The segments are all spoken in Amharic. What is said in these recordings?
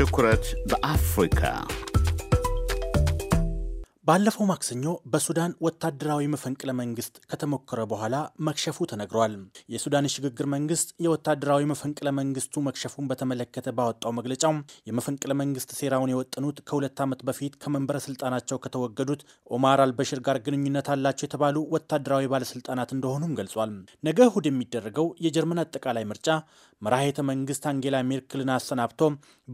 Aristocrat Africa. ባለፈው ማክሰኞ በሱዳን ወታደራዊ መፈንቅለ መንግስት ከተሞከረ በኋላ መክሸፉ ተነግሯል። የሱዳን የሽግግር መንግስት የወታደራዊ መፈንቅለ መንግስቱ መክሸፉን በተመለከተ ባወጣው መግለጫው የመፈንቅለ መንግስት ሴራውን የወጠኑት ከሁለት ዓመት በፊት ከመንበረ ስልጣናቸው ከተወገዱት ኦማር አልበሽር ጋር ግንኙነት አላቸው የተባሉ ወታደራዊ ባለስልጣናት እንደሆኑም ገልጿል። ነገ እሁድ የሚደረገው የጀርመን አጠቃላይ ምርጫ መራሄተ መንግስት አንጌላ ሜርክልን አሰናብቶ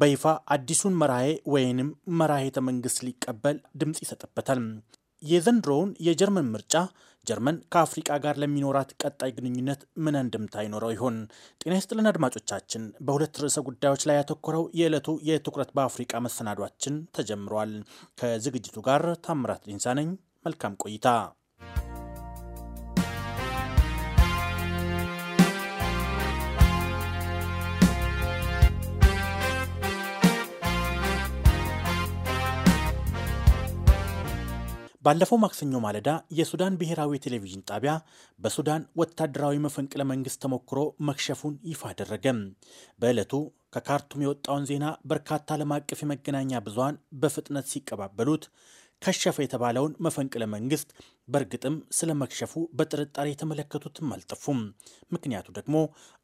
በይፋ አዲሱን መራሄ ወይንም መራሄተ መንግስት ሊቀበል ድምፅ ይሰጥበታል። ይገኙበታል። የዘንድሮውን የጀርመን ምርጫ ጀርመን ከአፍሪቃ ጋር ለሚኖራት ቀጣይ ግንኙነት ምን እንድምታ ይኖረው ይሆን? ጤና ይስጥልን አድማጮቻችን፣ በሁለት ርዕሰ ጉዳዮች ላይ ያተኮረው የዕለቱ የትኩረት በአፍሪቃ መሰናዷችን ተጀምሯል። ከዝግጅቱ ጋር ታምራት ዲንሳ ነኝ። መልካም ቆይታ ባለፈው ማክሰኞ ማለዳ የሱዳን ብሔራዊ ቴሌቪዥን ጣቢያ በሱዳን ወታደራዊ መፈንቅለ መንግስት ተሞክሮ መክሸፉን ይፋ አደረገ። በዕለቱ ከካርቱም የወጣውን ዜና በርካታ ዓለም አቀፍ የመገናኛ ብዙሃን በፍጥነት ሲቀባበሉት ከሸፈ የተባለውን መፈንቅለ መንግስት በእርግጥም ስለ መክሸፉ በጥርጣሬ የተመለከቱትም አልጠፉም። ምክንያቱ ደግሞ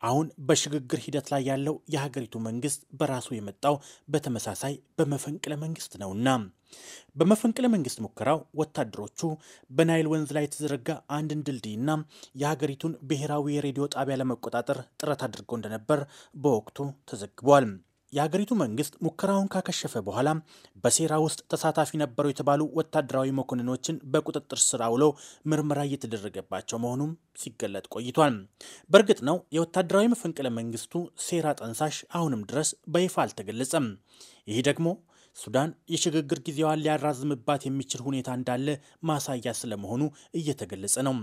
አሁን በሽግግር ሂደት ላይ ያለው የሀገሪቱ መንግስት በራሱ የመጣው በተመሳሳይ በመፈንቅለ መንግስት ነውና። በመፈንቅለ መንግስት ሙከራው ወታደሮቹ በናይል ወንዝ ላይ የተዘረጋ አንድን ድልድይና የሀገሪቱን ብሔራዊ የሬዲዮ ጣቢያ ለመቆጣጠር ጥረት አድርገው እንደነበር በወቅቱ ተዘግቧል። የሀገሪቱ መንግስት ሙከራውን ካከሸፈ በኋላ በሴራ ውስጥ ተሳታፊ ነበሩ የተባሉ ወታደራዊ መኮንኖችን በቁጥጥር ስር አውሎ ምርመራ እየተደረገባቸው መሆኑም ሲገለጥ ቆይቷል። በእርግጥ ነው የወታደራዊ መፈንቅለ መንግስቱ ሴራ ጠንሳሽ አሁንም ድረስ በይፋ አልተገለጸም። ይህ ደግሞ ሱዳን የሽግግር ጊዜዋን ሊያራዝምባት የሚችል ሁኔታ እንዳለ ማሳያ ስለመሆኑ እየተገለጸ ነው።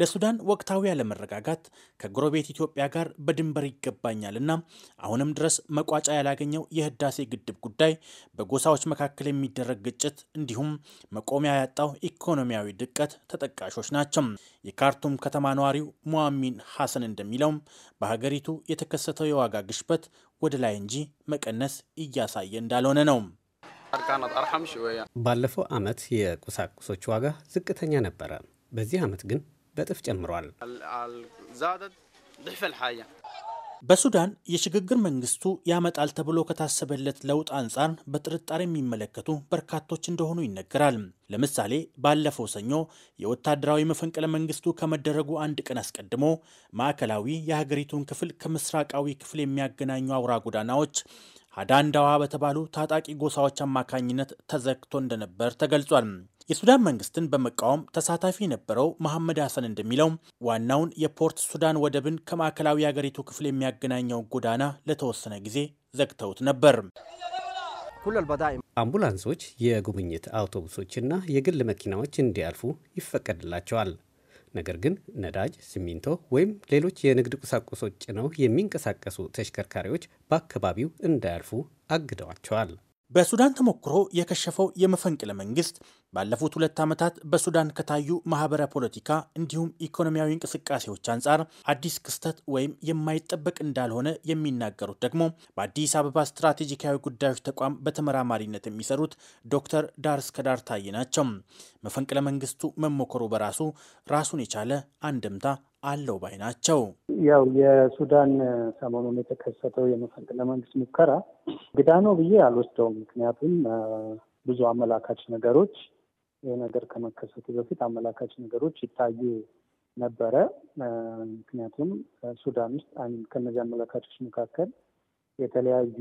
ለሱዳን ወቅታዊ አለመረጋጋት ከጎረቤት ኢትዮጵያ ጋር በድንበር ይገባኛልና አሁንም ድረስ መቋጫ ያላገኘው የህዳሴ ግድብ ጉዳይ፣ በጎሳዎች መካከል የሚደረግ ግጭት እንዲሁም መቆሚያ ያጣው ኢኮኖሚያዊ ድቀት ተጠቃሾች ናቸው። የካርቱም ከተማ ነዋሪው ሙአሚን ሐሰን እንደሚለውም በሀገሪቱ የተከሰተው የዋጋ ግሽበት ወደ ላይ እንጂ መቀነስ እያሳየ እንዳልሆነ ነው። ባለፈው ዓመት የቁሳቁሶች ዋጋ ዝቅተኛ ነበረ። በዚህ ዓመት ግን በጥፍ ጨምሯል። በሱዳን የሽግግር መንግስቱ ያመጣል ተብሎ ከታሰበለት ለውጥ አንጻር በጥርጣሬ የሚመለከቱ በርካቶች እንደሆኑ ይነገራል። ለምሳሌ ባለፈው ሰኞ የወታደራዊ መፈንቅለ መንግስቱ ከመደረጉ አንድ ቀን አስቀድሞ ማዕከላዊ የሀገሪቱን ክፍል ከምስራቃዊ ክፍል የሚያገናኙ አውራ ጎዳናዎች ሀዳንዳዋ በተባሉ ታጣቂ ጎሳዎች አማካኝነት ተዘግቶ እንደነበር ተገልጿል። የሱዳን መንግስትን በመቃወም ተሳታፊ የነበረው መሐመድ ሀሰን እንደሚለው ዋናውን የፖርት ሱዳን ወደብን ከማዕከላዊ የሀገሪቱ ክፍል የሚያገናኘውን ጎዳና ለተወሰነ ጊዜ ዘግተውት ነበር። አምቡላንሶች፣ የጉብኝት አውቶቡሶችና የግል መኪናዎች እንዲያልፉ ይፈቀድላቸዋል። ነገር ግን ነዳጅ፣ ሲሚንቶ ወይም ሌሎች የንግድ ቁሳቁሶች ጭነው የሚንቀሳቀሱ ተሽከርካሪዎች በአካባቢው እንዳያልፉ አግደዋቸዋል። በሱዳን ተሞክሮ የከሸፈው የመፈንቅለ መንግስት ባለፉት ሁለት ዓመታት በሱዳን ከታዩ ማህበረ ፖለቲካ እንዲሁም ኢኮኖሚያዊ እንቅስቃሴዎች አንጻር አዲስ ክስተት ወይም የማይጠበቅ እንዳልሆነ የሚናገሩት ደግሞ በአዲስ አበባ ስትራቴጂካዊ ጉዳዮች ተቋም በተመራማሪነት የሚሰሩት ዶክተር ዳርስ ከዳር ታዬ ናቸው። መፈንቅለ መንግስቱ መሞከሩ በራሱ ራሱን የቻለ አንድምታ አለው ባይ ናቸው። ያው የሱዳን ሰሞኑን የተከሰተው የመፈንቅለ መንግስት ሙከራ ግዳ ነው ብዬ አልወስደውም። ምክንያቱም ብዙ አመላካች ነገሮች ይህ ነገር ከመከሰቱ በፊት አመላካች ነገሮች ይታዩ ነበረ። ምክንያቱም ሱዳን ውስጥ ከነዚህ አመላካቾች መካከል የተለያዩ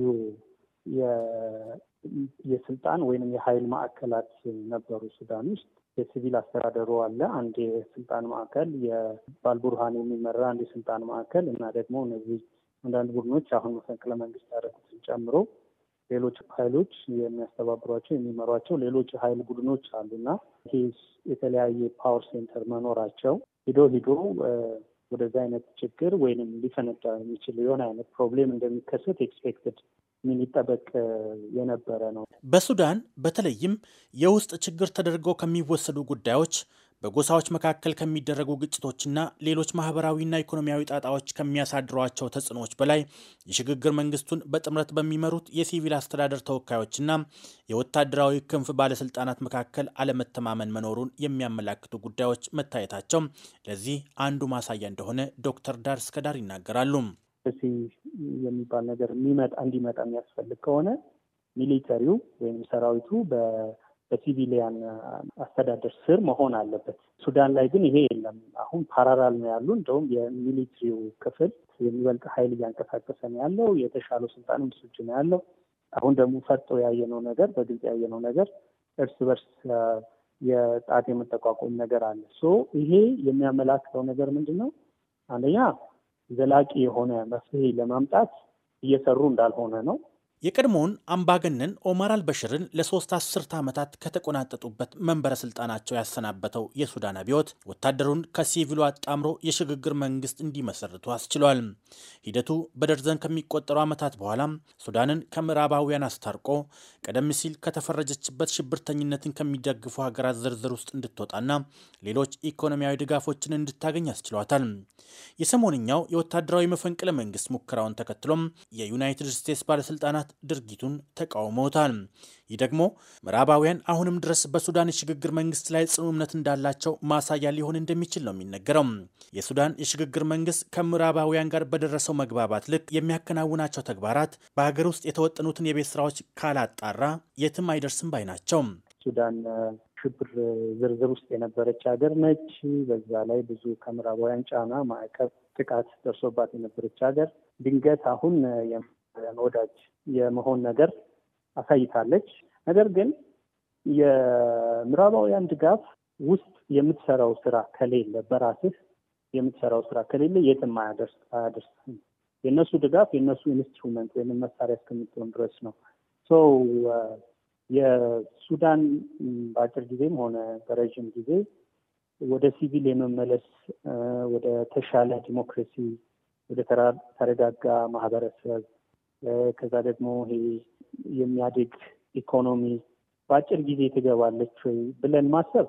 የስልጣን ወይንም የሀይል ማዕከላት ነበሩ ሱዳን ውስጥ። የሲቪል አስተዳደሩ አለ፣ አንድ የስልጣን ማዕከል፣ የባልቡርሃን የሚመራ አንድ የስልጣን ማዕከል እና ደግሞ እነዚህ አንዳንድ ቡድኖች አሁን መፈንቅለ መንግስት ያደረጉትን ጨምሮ ሌሎች ኃይሎች የሚያስተባብሯቸው የሚመሯቸው ሌሎች ሀይል ቡድኖች አሉና ይህ የተለያየ ፓወር ሴንተር መኖራቸው ሂዶ ሂዶ ወደዛ አይነት ችግር ወይንም ሊፈነዳ የሚችል የሆነ አይነት ፕሮብሌም እንደሚከሰት ኤክስፔክትድ የሚጠበቅ የነበረ ነው። በሱዳን በተለይም የውስጥ ችግር ተደርገው ከሚወሰዱ ጉዳዮች በጎሳዎች መካከል ከሚደረጉ ግጭቶችና ሌሎች ማህበራዊና ኢኮኖሚያዊ ጣጣዎች ከሚያሳድሯቸው ተጽዕኖዎች በላይ የሽግግር መንግስቱን በጥምረት በሚመሩት የሲቪል አስተዳደር ተወካዮችና የወታደራዊ ክንፍ ባለስልጣናት መካከል አለመተማመን መኖሩን የሚያመላክቱ ጉዳዮች መታየታቸው ለዚህ አንዱ ማሳያ እንደሆነ ዶክተር ዳር እስከዳር ይናገራሉ። እሲ የሚባል ነገር እንዲመጣ የሚያስፈልግ ከሆነ ሚሊተሪው ወይም ሰራዊቱ በሲቪሊያን አስተዳደር ስር መሆን አለበት። ሱዳን ላይ ግን ይሄ የለም። አሁን ፓራራል ነው ያሉ። እንደውም የሚሊትሪው ክፍል የሚበልጥ ኃይል እያንቀሳቀሰ ነው ያለው። የተሻለው ስልጣንም እሱ እጅ ነው ያለው። አሁን ደግሞ ፈጦ ያየነው ነገር በግልጽ ያየነው ነገር እርስ በርስ የጣት የመጠቋቆም ነገር አለ። ሶ ይሄ የሚያመላክተው ነገር ምንድን ነው? አንደኛ ዘላቂ የሆነ መፍትሄ ለማምጣት እየሰሩ እንዳልሆነ ነው። የቀድሞውን አምባገነን ኦማር አልበሽርን ለሶስት አስርተ ዓመታት ከተቆናጠጡበት መንበረ ስልጣናቸው ያሰናበተው የሱዳን አብዮት ወታደሩን ከሲቪሉ አጣምሮ የሽግግር መንግስት እንዲመሰርቱ አስችሏል። ሂደቱ በደርዘን ከሚቆጠሩ ዓመታት በኋላ ሱዳንን ከምዕራባውያን አስታርቆ ቀደም ሲል ከተፈረጀችበት ሽብርተኝነትን ከሚደግፉ ሀገራት ዝርዝር ውስጥ እንድትወጣና ሌሎች ኢኮኖሚያዊ ድጋፎችን እንድታገኝ አስችሏታል። የሰሞንኛው የወታደራዊ መፈንቅለ መንግስት ሙከራውን ተከትሎም የዩናይትድ ስቴትስ ባለስልጣናት መንግስታት ድርጊቱን ተቃውመውታል። ይህ ደግሞ ምዕራባውያን አሁንም ድረስ በሱዳን የሽግግር መንግስት ላይ ጽኑ እምነት እንዳላቸው ማሳያ ሊሆን እንደሚችል ነው የሚነገረው። የሱዳን የሽግግር መንግስት ከምዕራባውያን ጋር በደረሰው መግባባት ልክ የሚያከናውናቸው ተግባራት በሀገር ውስጥ የተወጠኑትን የቤት ስራዎች ካላጣራ የትም አይደርስም ባይ ናቸው። ሱዳን ሽብር ዝርዝር ውስጥ የነበረች ሀገር ነች። በዛ ላይ ብዙ ከምዕራባውያን ጫና፣ ማዕቀብ፣ ጥቃት ደርሶባት የነበረች ሀገር ድንገት አሁን የዓለም ወዳጅ የመሆን ነገር አሳይታለች። ነገር ግን የምዕራባውያን ድጋፍ ውስጥ የምትሰራው ስራ ከሌለ በራስህ የምትሰራው ስራ ከሌለ የትም አያደርስም። የእነሱ ድጋፍ የእነሱ ኢንስትሩመንት ወይም መሳሪያ እስከምትሆን ድረስ ነው። የሱዳን በአጭር ጊዜም ሆነ በረዥም ጊዜ ወደ ሲቪል የመመለስ ወደ ተሻለ ዲሞክራሲ፣ ወደ ተረጋጋ ማህበረሰብ ከዛ ደግሞ ይሄ የሚያድግ ኢኮኖሚ በአጭር ጊዜ ትገባለች ወይ ብለን ማሰብ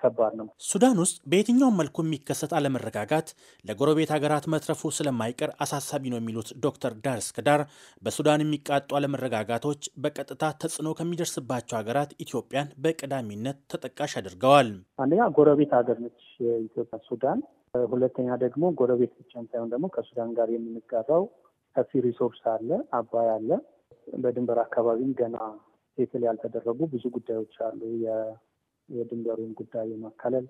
ከባድ ነው። ሱዳን ውስጥ በየትኛውም መልኩ የሚከሰት አለመረጋጋት ለጎረቤት ሀገራት መትረፉ ስለማይቀር አሳሳቢ ነው የሚሉት ዶክተር ዳር እስከዳር በሱዳን የሚቃጡ አለመረጋጋቶች በቀጥታ ተጽዕኖ ከሚደርስባቸው ሀገራት ኢትዮጵያን በቀዳሚነት ተጠቃሽ አድርገዋል። አንደኛ ጎረቤት ሀገር ነች የኢትዮጵያ ሱዳን። ሁለተኛ ደግሞ ጎረቤት ብቻም ሳይሆን ደግሞ ከሱዳን ጋር የምንጋራው ሰፊ ሪሶርስ አለ፣ አባይ አለ። በድንበር አካባቢም ገና ሴትል ያልተደረጉ ብዙ ጉዳዮች አሉ። የድንበሩን ጉዳይ የማካለል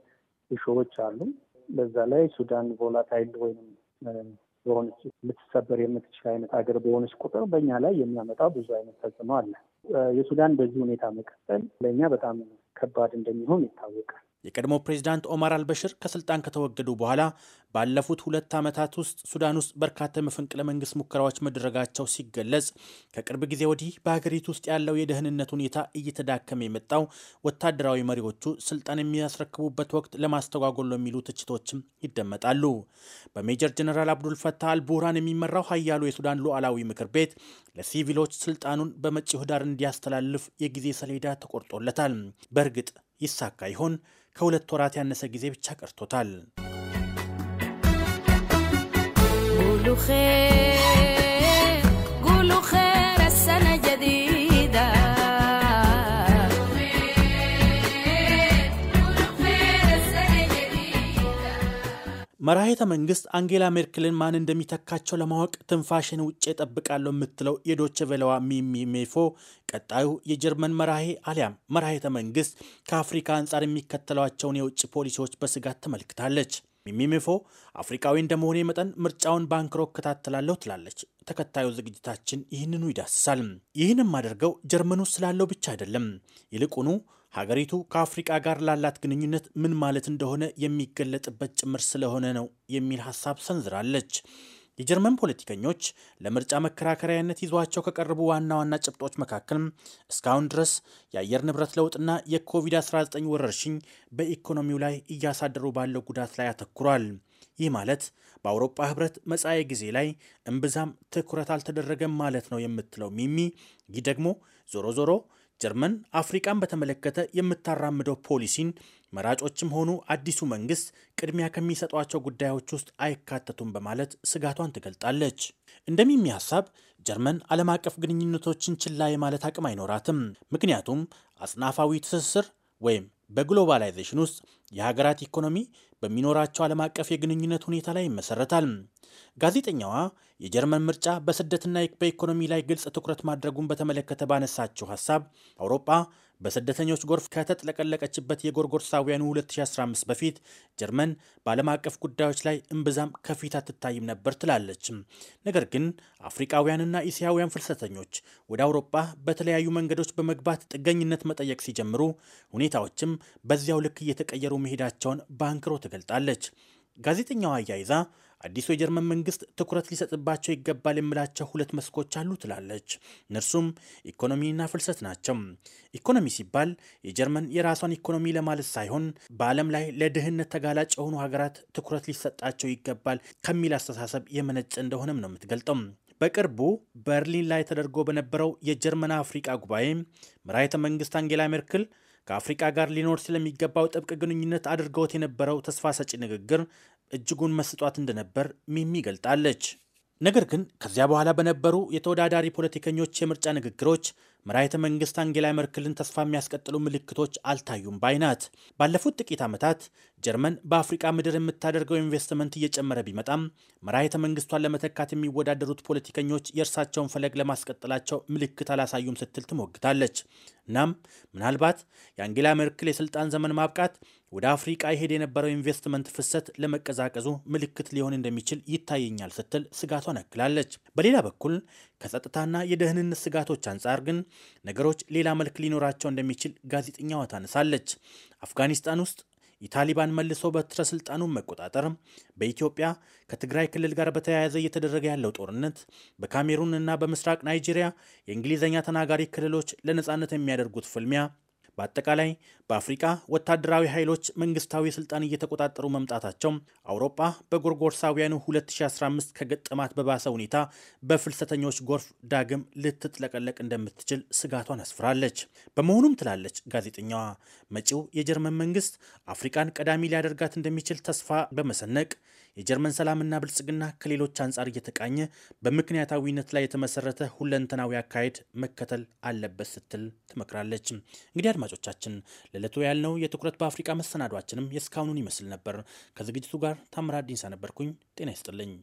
እሾዎች አሉ። በዛ ላይ ሱዳን ቮላታይል ወይም በሆነች ልትሰበር የምትችል አይነት ሀገር በሆነች ቁጥር በእኛ ላይ የሚያመጣው ብዙ አይነት ተጽዕኖ አለ። የሱዳን በዚህ ሁኔታ መቀጠል ለእኛ በጣም ከባድ እንደሚሆን ይታወቃል። የቀድሞ ፕሬዚዳንት ኦማር አልበሽር ከስልጣን ከተወገዱ በኋላ ባለፉት ሁለት ዓመታት ውስጥ ሱዳን ውስጥ በርካታ መፈንቅለ መንግስት ሙከራዎች መደረጋቸው ሲገለጽ፣ ከቅርብ ጊዜ ወዲህ በሀገሪቱ ውስጥ ያለው የደህንነት ሁኔታ እየተዳከመ የመጣው ወታደራዊ መሪዎቹ ስልጣን የሚያስረክቡበት ወቅት ለማስተጓጎል የሚሉ ትችቶችም ይደመጣሉ። በሜጀር ጀነራል አብዱልፈታህ አልቡርሃን የሚመራው ሀያሉ የሱዳን ሉዓላዊ ምክር ቤት ለሲቪሎች ስልጣኑን በመጪው ህዳር እንዲያስተላልፍ የጊዜ ሰሌዳ ተቆርጦለታል። በእርግጥ ይሳካ ይሆን? ከሁለት ወራት ያነሰ ጊዜ ብቻ ቀርቶታል። መራሄተ መንግስት አንጌላ ሜርክልን ማን እንደሚተካቸው ለማወቅ ትንፋሽን ውጭ እጠብቃለሁ የምትለው የዶቼ ቬለዋ ሚሚ ሜፎ ቀጣዩ የጀርመን መራሄ አሊያም መራሄተ መንግስት ከአፍሪካ አንጻር የሚከተሏቸውን የውጭ ፖሊሲዎች በስጋት ተመልክታለች። ሚሚ ሜፎ አፍሪካዊ እንደመሆኔ መጠን ምርጫውን ባንክሮ እከታተላለሁ ትላለች። ተከታዩ ዝግጅታችን ይህንኑ ይዳስሳል። ይህንም አድርገው ጀርመን ውስጥ ስላለው ብቻ አይደለም ይልቁኑ ሀገሪቱ ከአፍሪቃ ጋር ላላት ግንኙነት ምን ማለት እንደሆነ የሚገለጥበት ጭምር ስለሆነ ነው የሚል ሀሳብ ሰንዝራለች። የጀርመን ፖለቲከኞች ለምርጫ መከራከሪያነት ይዟቸው ከቀረቡ ዋና ዋና ጭብጦች መካከል እስካሁን ድረስ የአየር ንብረት ለውጥና የኮቪድ-19 ወረርሽኝ በኢኮኖሚው ላይ እያሳደሩ ባለው ጉዳት ላይ አተኩሯል። ይህ ማለት በአውሮፓ ህብረት መጻኤ ጊዜ ላይ እምብዛም ትኩረት አልተደረገም ማለት ነው የምትለው ሚሚ ይህ ደግሞ ዞሮ ዞሮ ጀርመን አፍሪቃን በተመለከተ የምታራምደው ፖሊሲን መራጮችም ሆኑ አዲሱ መንግስት ቅድሚያ ከሚሰጧቸው ጉዳዮች ውስጥ አይካተቱም በማለት ስጋቷን ትገልጣለች። እንደሚሚ ሀሳብ ጀርመን ዓለም አቀፍ ግንኙነቶችን ችላ የማለት አቅም አይኖራትም። ምክንያቱም አጽናፋዊ ትስስር ወይም በግሎባላይዜሽን ውስጥ የሀገራት ኢኮኖሚ በሚኖራቸው ዓለም አቀፍ የግንኙነት ሁኔታ ላይ ይመሰረታል። ጋዜጠኛዋ የጀርመን ምርጫ በስደትና በኢኮኖሚ ላይ ግልጽ ትኩረት ማድረጉን በተመለከተ ባነሳችው ሀሳብ አውሮፓ በስደተኞች ጎርፍ ከተጥለቀለቀችበት የጎርጎርሳውያኑ 2015 በፊት ጀርመን በዓለም አቀፍ ጉዳዮች ላይ እምብዛም ከፊት አትታይም ነበር ትላለች። ነገር ግን አፍሪቃውያንና እስያውያን ፍልሰተኞች ወደ አውሮፓ በተለያዩ መንገዶች በመግባት ጥገኝነት መጠየቅ ሲጀምሩ ሁኔታዎችም በዚያው ልክ እየተቀየሩ መሄዳቸውን በአንክሮ ትገልጣለች። ጋዜጠኛዋ አያይዛ አዲሱ የጀርመን መንግስት ትኩረት ሊሰጥባቸው ይገባል የምላቸው ሁለት መስኮች አሉ ትላለች። እነርሱም ኢኮኖሚና ፍልሰት ናቸው። ኢኮኖሚ ሲባል የጀርመን የራሷን ኢኮኖሚ ለማለት ሳይሆን በዓለም ላይ ለድህነት ተጋላጭ የሆኑ ሀገራት ትኩረት ሊሰጣቸው ይገባል ከሚል አስተሳሰብ የመነጨ እንደሆነም ነው የምትገልጠው። በቅርቡ በርሊን ላይ ተደርጎ በነበረው የጀርመን አፍሪቃ ጉባኤ መራሄተ መንግስት አንጌላ ሜርክል ከአፍሪቃ ጋር ሊኖር ስለሚገባው ጥብቅ ግንኙነት አድርገውት የነበረው ተስፋ ሰጪ ንግግር እጅጉን መስጧት እንደነበር ሚሚ ገልጣለች። ነገር ግን ከዚያ በኋላ በነበሩ የተወዳዳሪ ፖለቲከኞች የምርጫ ንግግሮች መራሄተ መንግስት አንጌላ መርክልን ተስፋ የሚያስቀጥሉ ምልክቶች አልታዩም ባይ ናት። ባለፉት ጥቂት ዓመታት ጀርመን በአፍሪቃ ምድር የምታደርገው ኢንቨስትመንት እየጨመረ ቢመጣም መራሄተ መንግስቷን ለመተካት የሚወዳደሩት ፖለቲከኞች የእርሳቸውን ፈለግ ለማስቀጠላቸው ምልክት አላሳዩም ስትል ትሞግታለች። እናም ምናልባት የአንጌላ ሜርክል የስልጣን ዘመን ማብቃት ወደ አፍሪቃ ይሄድ የነበረው ኢንቨስትመንት ፍሰት ለመቀዛቀዙ ምልክት ሊሆን እንደሚችል ይታየኛል ስትል ስጋቷን አክላለች። በሌላ በኩል ከጸጥታና የደህንነት ስጋቶች አንጻር ግን ነገሮች ሌላ መልክ ሊኖራቸው እንደሚችል ጋዜጠኛዋ ታነሳለች። አፍጋኒስታን ውስጥ የታሊባን መልሶ በትረ ስልጣኑን መቆጣጠር፣ በኢትዮጵያ ከትግራይ ክልል ጋር በተያያዘ እየተደረገ ያለው ጦርነት፣ በካሜሩን እና በምስራቅ ናይጄሪያ የእንግሊዝኛ ተናጋሪ ክልሎች ለነፃነት የሚያደርጉት ፍልሚያ በአጠቃላይ በአፍሪካ ወታደራዊ ኃይሎች መንግስታዊ ስልጣን እየተቆጣጠሩ መምጣታቸው አውሮፓ በጎርጎርሳውያኑ 2015 ከገጠማት በባሰ ሁኔታ በፍልሰተኞች ጎርፍ ዳግም ልትጥለቀለቅ እንደምትችል ስጋቷን አስፍራለች። በመሆኑም ትላለች ጋዜጠኛዋ መጪው የጀርመን መንግስት አፍሪካን ቀዳሚ ሊያደርጋት እንደሚችል ተስፋ በመሰነቅ የጀርመን ሰላምና ብልጽግና ከሌሎች አንጻር እየተቃኘ በምክንያታዊነት ላይ የተመሰረተ ሁለንተናዊ አካሄድ መከተል አለበት ስትል ትመክራለች። እንግዲህ አድማጮቻችን ለለቶ ያልነው የትኩረት በአፍሪቃ መሰናዷችንም የእስካሁኑን ይመስል ነበር። ከዝግጅቱ ጋር ታምራ አዲንሳ ነበርኩኝ። ጤና ይስጥልኝ።